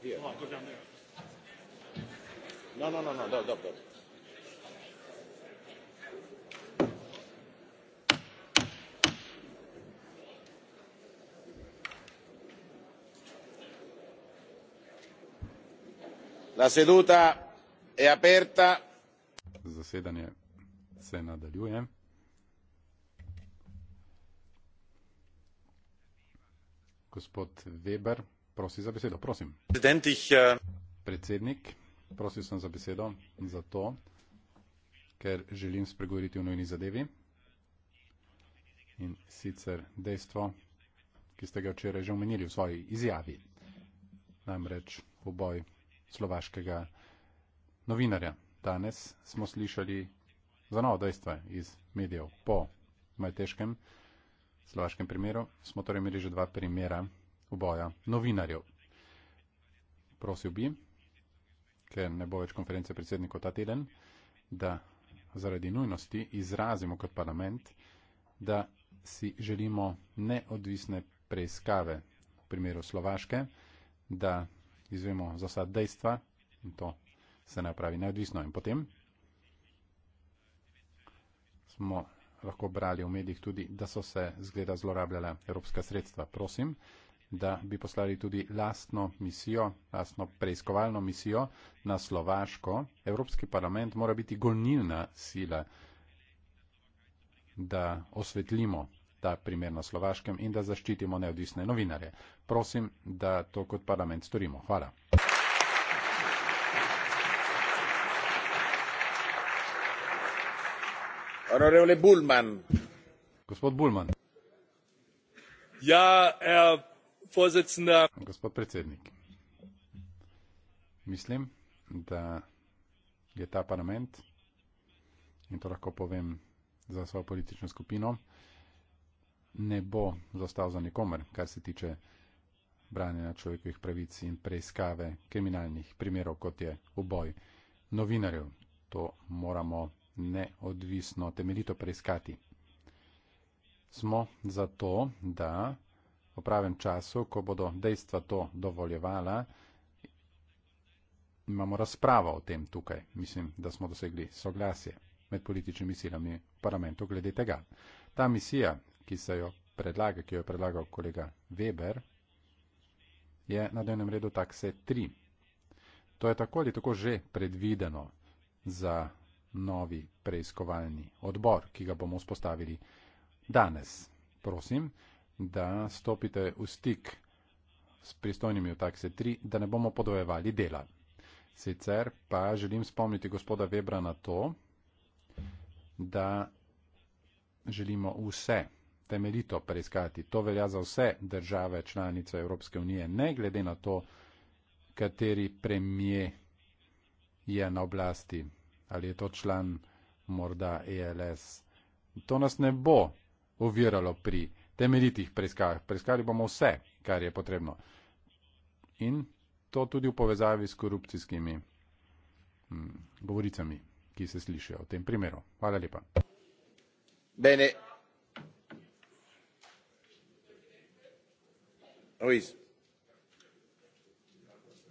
Dvije. Oh, no, no, no, no, dobro, no, dobro. No, no. La seduta è aperta. Zasedanje se nadaljuje. Gospod Weber. Prosim za besedo, prosim. Uh... Predsednik, prosil sem za besedo zato, ker želim spregovoriti o nujni zadevi in sicer dejstvo, ki ste ga včeraj že omenili v svoji izjavi, namreč poboj slovaškega novinarja. Danes smo slišali za novo dejstvo iz medijev po majteškem slovaškem primeru. Smo torej imeli že dva primera uboja novinarjev. Prosil bi, ker ne bo več konference predsednikov ta teden, da zaradi nujnosti izrazimo kot parlament, da si želimo neodvisne preiskave v primeru Slovaške, da izvemo za vsa dejstva in to se ne pravi neodvisno. In potem smo lahko brali v medijih tudi, da so se zgleda zlorabljala evropska sredstva. Prosim, da bi poslali tudi lastno misijo, lastno preiskovalno misijo na Slovaško. Evropski parlament mora biti gonilna sila, da osvetlimo ta primer na Slovaškem in da zaščitimo neodvisne novinarje. Prosim, da to kot parlament storimo. Hvala. Gospod Bulman. Ja, er, Vorsitzender. Gospod predsednik, mislim, da je ta parlament, in to lahko povem za svojo politično skupino, ne bo zastal za nikomer, kar se tiče branjenja človekovih pravic in preiskave kriminalnih primerov, kot je uboj novinarjev. To moramo neodvisno, temeljito preiskati. Smo zato, da v pravem času, ko bodo dejstva to dovoljevala, imamo razpravo o tem tukaj. Mislim, da smo dosegli soglasje med političnimi silami v parlamentu glede tega. Ta misija, ki se jo predlaga, ki jo je predlagal kolega Weber, je na dnevnem redu takse 3. To je tako ali tako že predvideno za novi preiskovalni odbor, ki ga bomo spostavili danes. Prosim da stopite v stik s pristojnimi v takse 3, da ne bomo podvojevali dela. Sicer pa želim spomniti gospoda Webra na to, da želimo vse temeljito preiskati. To velja za vse države članice Evropske unije, ne glede na to, kateri premije je na oblasti, ali je to član morda ELS. To nas ne bo oviralo pri temeljitih preiskavah. Preiskali bomo vse, kar je potrebno. In to tudi v povezavi s korupcijskimi hm, govoricami, ki se slišijo v tem primeru. Hvala lepa. Bene. Ruiz.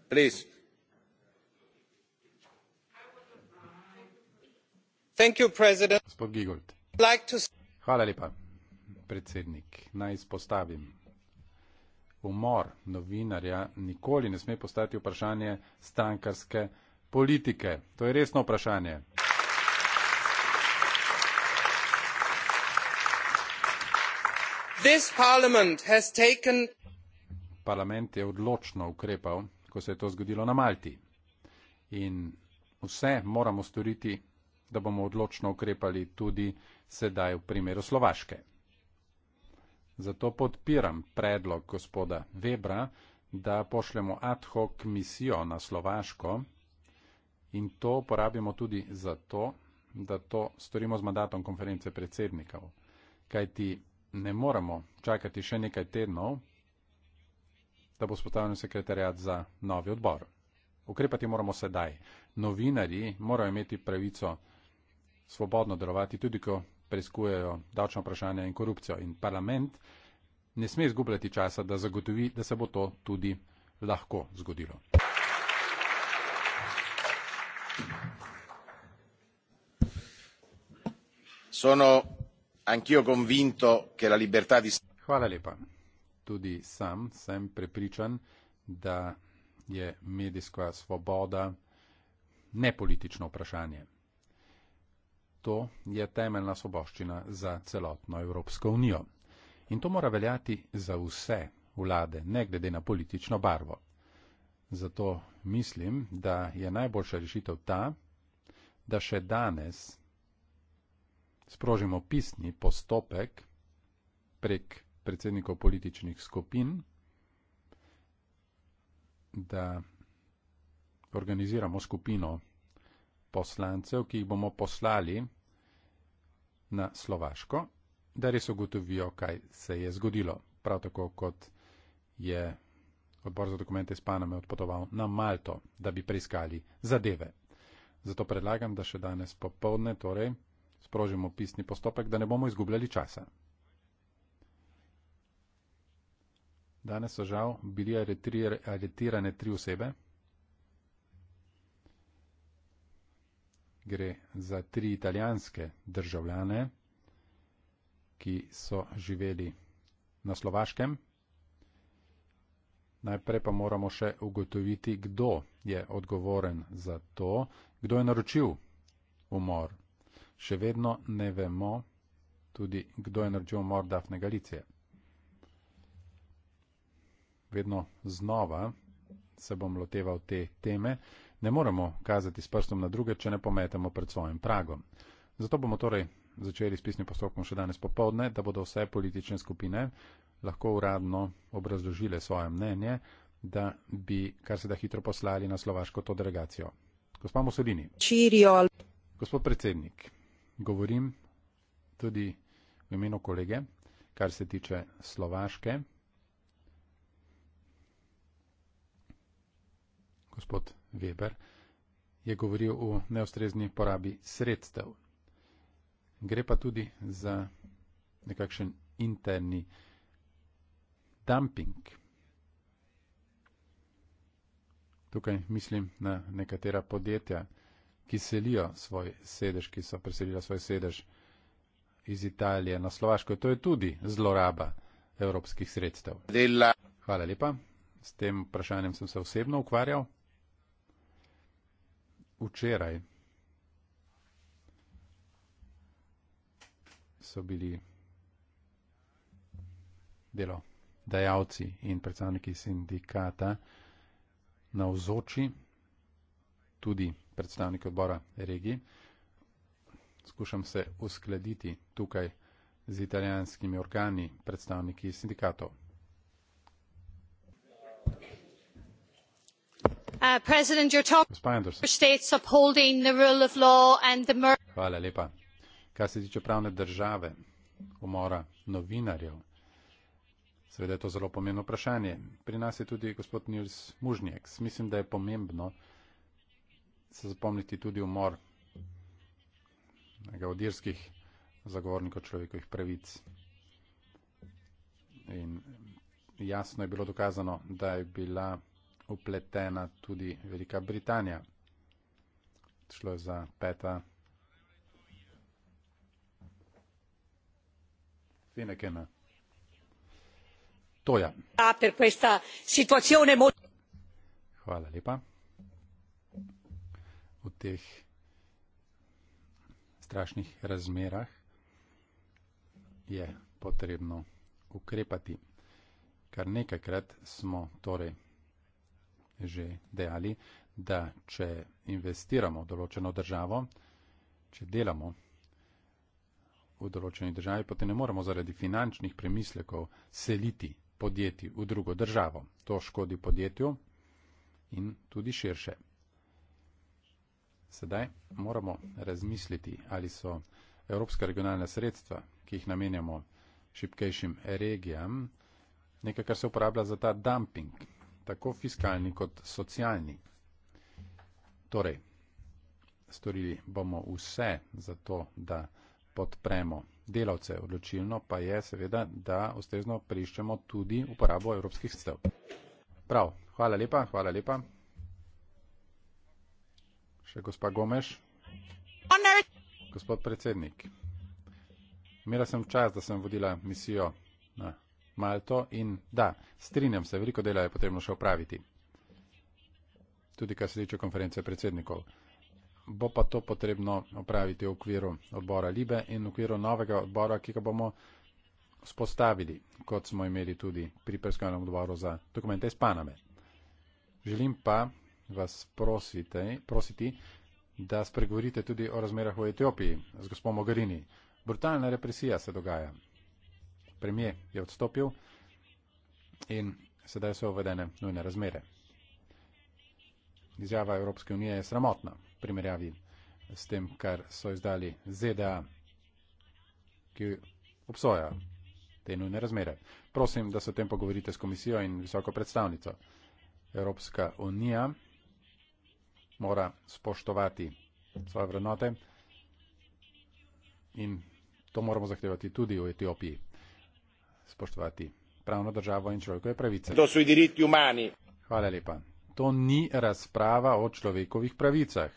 Please. Thank you, President. Gospod Gigold. Like to... Hvala lepa predsednik. Naj izpostavim. Umor novinarja nikoli ne sme postati vprašanje strankarske politike. To je resno vprašanje. Taken... Parlament je odločno ukrepal, ko se je to zgodilo na Malti. In vse moramo storiti, da bomo odločno ukrepali tudi sedaj v primeru Slovaške. Zato podpiram predlog gospoda Webra, da pošljemo ad hoc misijo na Slovaško in to porabimo tudi zato, da to storimo z mandatom konference predsednikov. Kajti ne moremo čakati še nekaj tednov, da bo spostavljen sekretarjat za novi odbor. Ukrepati moramo sedaj. Novinari morajo imeti pravico svobodno delovati, tudi ko preizkujejo davčno vprašanje in korupcijo. In parlament ne sme izgubljati časa, da zagotovi, da se bo to tudi lahko zgodilo. Hvala lepa. Tudi sam sem prepričan, da je medijska svoboda nepolitično vprašanje. To je temeljna soboščina za celotno Evropsko unijo. In to mora veljati za vse vlade, ne glede na politično barvo. Zato mislim, da je najboljša rešitev ta, da še danes sprožimo pisni postopek prek predsednikov političnih skupin, da organiziramo skupino poslancev, ki jih bomo poslali na Slovaško, da res ugotovijo, kaj se je zgodilo. Prav tako kot je odbor za dokumente s Paname odpotoval na Malto, da bi preiskali zadeve. Zato predlagam, da še danes popovdne torej sprožimo pisni postopek, da ne bomo izgubljali časa. Danes so žal bili aretir, aretirane tri osebe. gre za tri italijanske državljane, ki so živeli na Slovaškem. Najprej pa moramo še ugotoviti, kdo je odgovoren za to, kdo je naročil umor. Še vedno ne vemo tudi, kdo je naročil umor Dafne Galicije. Vedno znova se bom loteval te teme ne moremo kazati s prstom na druge, če ne pometemo pred svojim pragom. Zato bomo torej začeli s pisnim postopkom še danes popovdne, da bodo vse politične skupine lahko uradno obrazložile svoje mnenje, da bi kar se da hitro poslali na slovaško to delegacijo. Gospod Mussolini. Čirjol. Gospod predsednik, govorim tudi v imenu kolege, kar se tiče slovaške. Gospod Weber je govoril o neustrezni porabi sredstev. Gre pa tudi za nekakšen interni dumping. Tukaj mislim na nekatera podjetja, ki selijo svoj sedež, ki so preselila svoj sedež iz Italije na Slovaško. To je tudi zloraba evropskih sredstev. Hvala lepa. S tem vprašanjem sem se osebno ukvarjal včeraj so bili delo dajavci in predstavniki sindikata navzoči tudi predstavniki odbora regij. Skušam se uskladiti tukaj z italijanskimi organi predstavniki sindikatov mr uh, president you are talking about member states upholding the rule of law and the murder. seveda je to zelo pomembno vprašanje pri nas je tudi gospod nils mužnjek mislim da je pomembno se zapomniti tudi umor nekega od irskih zagovornikov človekovih pravic in jasno je bilo dokazano da je bila upletena tudi Velika Britanija. Šlo je za peta Finekena. Toja. Ah, Hvala lepa. V teh strašnih razmerah je potrebno ukrepati. Kar nekajkrat smo torej že dejali, da če investiramo v določeno državo, če delamo v določeni državi, potem ne moremo zaradi finančnih premislekov seliti podjetij v drugo državo. To škodi podjetju in tudi širše. Sedaj moramo razmisliti, ali so evropska regionalna sredstva, ki jih namenjamo šipkejšim regijam, nekaj, kar se uporablja za ta dumping, tako fiskalni kot socialni. Torej, storili bomo vse za to, da podpremo delavce. Odločilno pa je seveda, da ustrezno priščemo tudi uporabo evropskih sredstev. Prav, hvala lepa, hvala lepa. Še gospa Gomeš. Gospod predsednik, imela sem čas, da sem vodila misijo na Malto in da, strinjam se, veliko dela je potrebno še opraviti. Tudi kar se tiče konference predsednikov. Bo pa to potrebno opraviti v okviru odbora Libe in v okviru novega odbora, ki ga bomo spostavili, kot smo imeli tudi pri preskalnem odboru za dokumente iz Paname. Želim pa vas prosite, prositi, da spregovorite tudi o razmerah v Etiopiji z gospodom Mogherini. Brutalna represija se dogaja premije je odstopil in sedaj so uvedene nujne razmere. Izjava Evropske unije je sramotna v primerjavi s tem, kar so izdali ZDA, ki obsoja te nujne razmere. Prosim, da se o tem pogovorite s komisijo in visoko predstavnico. Evropska unija mora spoštovati svoje vrednote in to moramo zahtevati tudi v Etiopiji spoštovati pravno državo in človekove pravice. To so i diritti umani. Hvala lepa. To ni razprava o človekovih pravicah.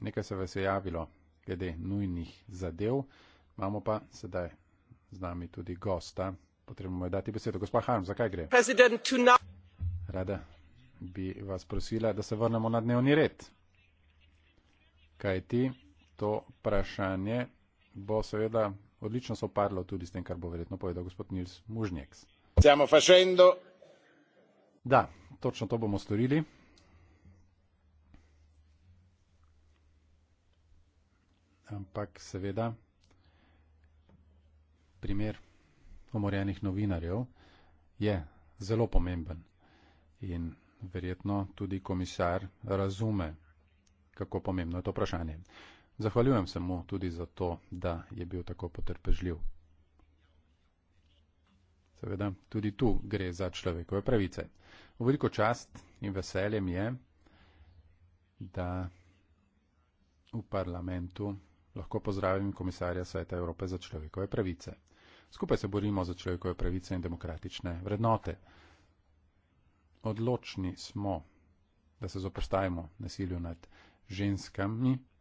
Nekaj se vas je javilo glede nujnih zadev. Imamo pa sedaj z nami tudi gosta. Potrebno je dati besedo. Gospod Harm, zakaj gre? Rada bi vas prosila, da se vrnemo na dnevni red. Kaj ti to vprašanje bo seveda odlično so parlo tudi s tem, kar bo verjetno povedal gospod Nils Mužnjeks. Da, točno to bomo storili. Ampak seveda, primer omorjenih novinarjev je zelo pomemben in verjetno tudi komisar razume, kako pomembno je to vprašanje. Zahvaljujem se mu tudi za to, da je bil tako potrpežljiv. Seveda, tudi tu gre za človekove pravice. V veliko čast in veseljem je, da v parlamentu lahko pozdravim komisarja Sveta Evrope za človekove pravice. Skupaj se borimo za človekove pravice in demokratične vrednote. Odločni smo, da se zoprstavimo nasilju nad ženskami